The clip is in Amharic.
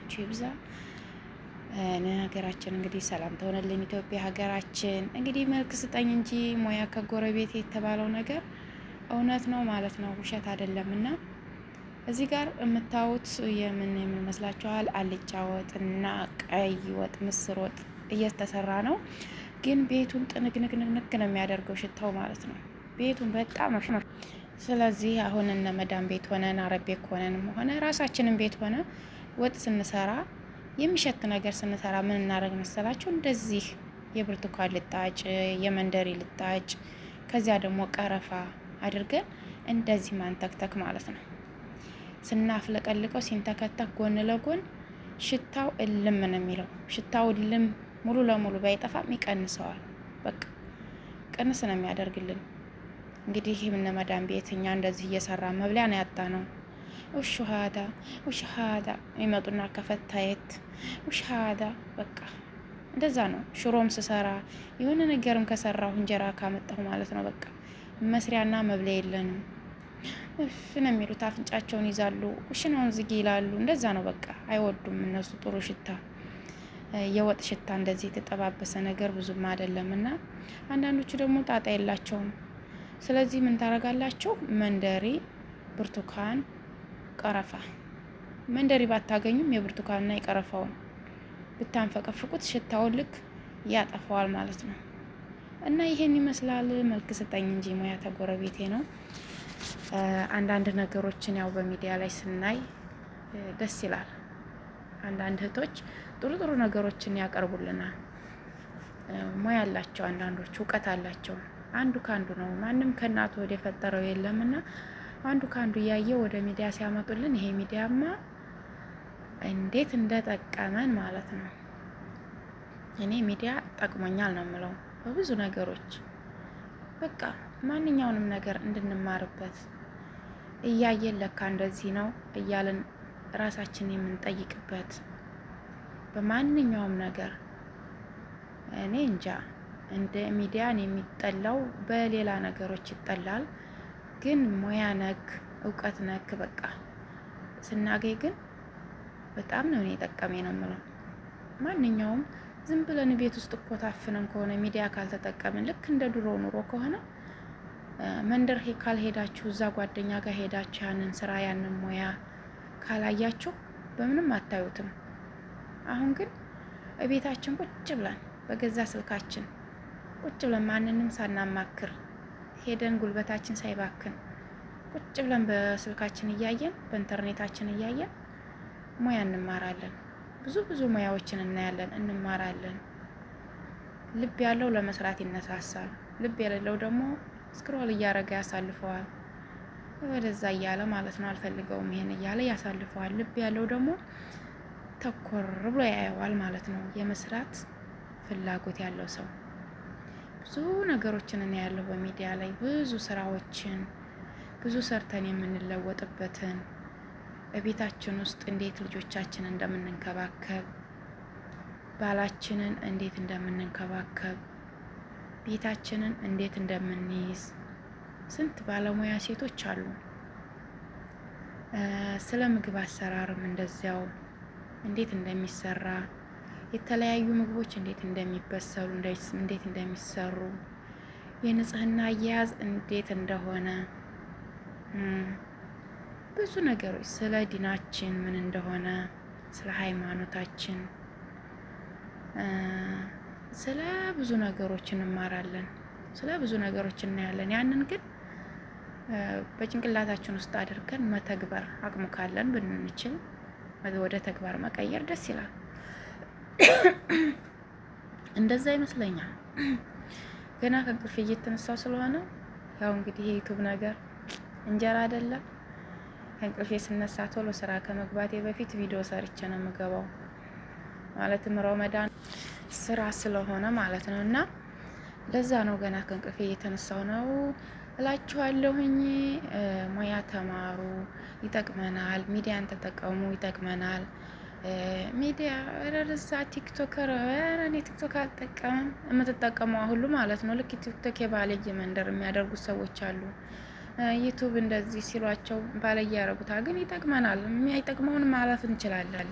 ሰላማችሁ ይብዛ። ሀገራችን እንግዲህ ሰላም ተሆነልን። ኢትዮጵያ ሀገራችን እንግዲህ መልክ ስጠኝ እንጂ ሙያ ከጎረቤት የተባለው ነገር እውነት ነው ማለት ነው፣ ውሸት አይደለም። እና እዚህ ጋር የምታዩት የምን የምን መስላችኋል? አልጫ ወጥ እና ቀይ ወጥ ምስር ወጥ እየተሰራ ነው። ግን ቤቱን ጥንግንግንግንግ ነው የሚያደርገው ሽታው ማለት ነው። ቤቱን በጣም ነው። ስለዚህ አሁን እነ መዳም ቤት ሆነን አረብ ሆነንም ሆነ ራሳችንም ቤት ሆነ ወጥ ስንሰራ የሚሸት ነገር ስንሰራ ምን እናደርግ መሰላችሁ? እንደዚህ የብርቱካን ልጣጭ፣ የመንደሪ ልጣጭ ከዚያ ደግሞ ቀረፋ አድርገን እንደዚህ ማንተክተክ ማለት ነው። ስናፍለቀልቀው ሲንተከተክ ጎን ለጎን ሽታው እልም ነው የሚለው። ሽታው እልም ሙሉ ለሙሉ ባይጠፋም ይቀንሰዋል። በቃ ቅንስ ነው የሚያደርግልን። እንግዲህ ይህ እነ ቤት እኛ እንደዚህ እየሰራ መብሊያ ነው ያጣ ነው። ውሸሃዳ ውሸሃዳ ይመጡና ከፈታየት ውሸሃዳ በቃ እንደዛ ነው። ሽሮም ስሰራ የሆነ ነገርም ከሰራሁ እንጀራ ካመጣሁ ማለት ነው በቃ መስሪያና መብለያ የለንም እፍ ነው የሚሉት። አፍንጫቸውን ይዛሉ፣ ኩሽናውን ዝግ ይላሉ። እንደዛ ነው በቃ አይወዱም እነሱ ጥሩ ሽታ የወጥ ሽታ እንደዚህ የተጠባበሰ ነገር ብዙም አይደለም እና አንዳንዶቹ ደግሞ ጣጣ የላቸውም። ስለዚህ ምን ታረጋላቸው? መንደሪ ብርቱካን ቀረፋ መንደሪ ባታገኙም የብርቱካንና የቀረፋውን ብታንፈቀፍቁት ሽታውን ልክ ያጠፋዋል ማለት ነው። እና ይሄን ይመስላል። መልክ ስጠኝ እንጂ ሙያ ተጎረቤቴ ነው። አንዳንድ ነገሮችን ያው በሚዲያ ላይ ስናይ ደስ ይላል። አንዳንድ እህቶች ጥሩ ጥሩ ነገሮችን ያቀርቡልናል። ሙያ አላቸው፣ አንዳንዶች እውቀት አላቸው። አንዱ ከአንዱ ነው። ማንም ከእናቱ ወደ የፈጠረው የለምና አንዱ ከአንዱ እያየ ወደ ሚዲያ ሲያመጡልን ይሄ ሚዲያማ እንዴት እንደጠቀመን ማለት ነው። እኔ ሚዲያ ጠቅሞኛል ነው የምለው በብዙ ነገሮች በቃ ማንኛውንም ነገር እንድንማርበት እያየን ለካ እንደዚህ ነው እያለን ራሳችን የምንጠይቅበት በማንኛውም ነገር እኔ እንጃ እንደ ሚዲያን የሚጠላው በሌላ ነገሮች ይጠላል። ግን ሙያ ነክ እውቀት ነክ በቃ ስናገኝ ግን በጣም ነው እኔ የጠቀሜ ነው የምለው። ማንኛውም ዝም ብለን ቤት ውስጥ እኮ ታፍነን ከሆነ ሚዲያ ካልተጠቀምን ልክ እንደ ድሮ ኑሮ ከሆነ መንደር ካልሄዳችሁ እዛ ጓደኛ ጋር ሄዳችሁ ያንን ስራ ያንን ሙያ ካላያችሁ በምንም አታዩትም። አሁን ግን እቤታችን ቁጭ ብለን በገዛ ስልካችን ቁጭ ብለን ማንንም ሳናማክር ሄደን ጉልበታችን ሳይባክን ቁጭ ብለን በስልካችን እያየን በኢንተርኔታችን እያየን ሙያ እንማራለን። ብዙ ብዙ ሙያዎችን እናያለን፣ እንማራለን። ልብ ያለው ለመስራት ይነሳሳል። ልብ የሌለው ደግሞ ስክሮል እያደረገ ያሳልፈዋል። ወደዛ እያለ ማለት ነው። አልፈልገውም ይሄን እያለ ያሳልፈዋል። ልብ ያለው ደግሞ ተኮር ብሎ ያየዋል ማለት ነው። የመስራት ፍላጎት ያለው ሰው ብዙ ነገሮችን እና ያለው በሚዲያ ላይ ብዙ ስራዎችን ብዙ ሰርተን የምንለወጥበትን በቤታችን ውስጥ እንዴት ልጆቻችንን እንደምንንከባከብ ባላችንን እንዴት እንደምንንከባከብ ቤታችንን እንዴት እንደምንይዝ ስንት ባለሙያ ሴቶች አሉ። ስለ ምግብ አሰራርም እንደዚያው እንዴት እንደሚሰራ የተለያዩ ምግቦች እንዴት እንደሚበሰሉ እንዴት እንደሚሰሩ የንጽህና አያያዝ እንዴት እንደሆነ ብዙ ነገሮች ስለ ዲናችን ምን እንደሆነ ስለ ሃይማኖታችን ስለ ብዙ ነገሮች እንማራለን፣ ስለ ብዙ ነገሮች እናያለን። ያንን ግን በጭንቅላታችን ውስጥ አድርገን መተግበር አቅሙ ካለን ብንችል ወደ ተግባር መቀየር ደስ ይላል። እንደዛ ይመስለኛል። ገና ከእንቅልፍ እየተነሳ ስለሆነ ያው እንግዲህ የዩቱብ ነገር እንጀራ አይደለም። ከእንቅልፌ ስነሳ ቶሎ ስራ ከመግባቴ በፊት ቪዲዮ ሰርቼ ነው የምገባው። ማለትም ረመዳን ስራ ስለሆነ ማለት ነው እና ለዛ ነው ገና ከእንቅልፌ እየተነሳው ነው እላችኋለሁኝ። ሙያ ተማሩ፣ ይጠቅመናል። ሚዲያን ተጠቀሙ፣ ይጠቅመናል። ሚዲያ ረርሳ ቲክቶከር እኔ ቲክቶክ አልጠቀምም። የምትጠቀመዋ ሁሉ ማለት ነው። ልክ ቲክቶክ የባለየ መንደር የሚያደርጉ ሰዎች አሉ። ዩቱብ እንደዚህ ሲሏቸው ባለየ ያደረጉታል። ግን ይጠቅመናል። የሚጠቅመውን ማለፍ እንችላለን።